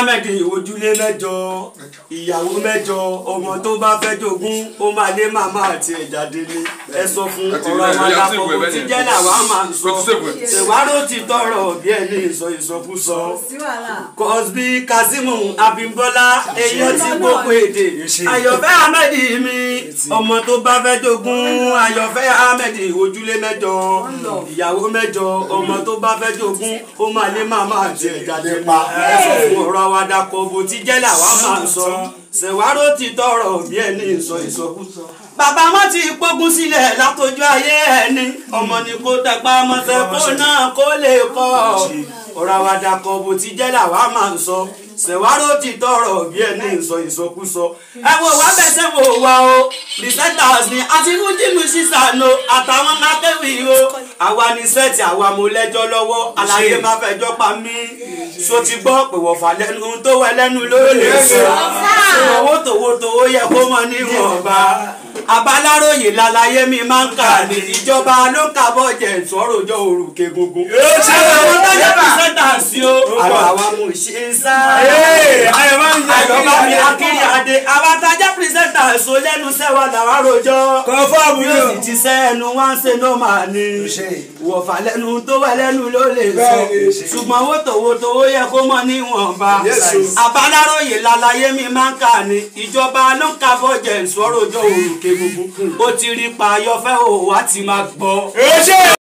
Ahmed ojúlé mẹ́jọ ìyàwó mẹ́jọ ọmọ tó bá fẹ́ jogún ó máa lé màmá àti ẹ̀já délé ẹ sọ fún ọ̀rọ̀ àwọn aláfọwọ́ tí jẹ́ làwa máa ń sọ ìwárò ti tọrọ bí ẹni ìsọ ìsọkúsọ Cosby Kazeem Abimbola eyọ tí gbogbo èdè Ayọ̀fẹ́ Ahmed mi ọmọ tó bá fẹ́ jogún Ayọ̀fẹ́ Ahmed ojúlé mẹ́jọ ìyàwó mẹ́jọ ọmọ tó bá fẹ́ jogún ó máa lé màmá àti ẹ̀já délé ẹ sọ fún ọ̀rọ̀ àwàdà kòbò tí jẹ́là wà máa ń sọ ṣèwárò ti tọrọ òbí ẹ̀ ní ìsọ bàbá má ti gbógun sílẹ̀ látọjú ayé ẹni ọmọ ni kó dàgbà mọ́tẹ́ kó náà kó lè kọ́ ọ̀rọ̀ àwàdà kòbò tí jẹ́là wà máa ń sọ ṣèwárò ti tọrọ bí ẹni ìsọ ìsọkúsọ ẹ wo wá bẹsẹ wo wa o presenters ni àti fújìmù sísàánú àtàwọn mákẹ́wì o àwa ni sẹ́ẹ̀tì àwa mo lẹ́jọ́ lọ́wọ́ àlàyé má fẹjọ́ pa mí so ti gbọ́ pé wọ̀fà lẹ́nu tó wẹ lẹ́nu ló lè sọ owó tòwó tòwó yẹ kó mọ níwọ̀nba àbáláròyè lálàyé mi máa ń kà ní ìjọba ló ń kàbọ̀ jẹ̀ sọ́rọ̀jọ́ òrùké gbogbo. àwọn tó yẹ kí sẹ́ńtà sí o. àrò àwa mo ṣe sá. àyọ̀ bá mi akéde èso lẹ́nu sẹ́wà làwọn àròjọ. kọ́fọ́ọ̀mù yóò sì ti sẹ́ẹ̀nu wá ń ṣe ló máa ní. wọ̀fà lẹ́nu tó wà lẹ́nu ló lè sọ. ṣùgbọ́n wòtòwòtòwò yẹ kó mọ níwọ̀nba. abáláròyè lálàyé mi máa ń kà ní. ìjọba ló ń ka bọ́jẹ̀ ìṣòro jọ òrùké gbogbo. Hmm. ó ti rí payọ́fẹ́ òwò àti máa gbọ́.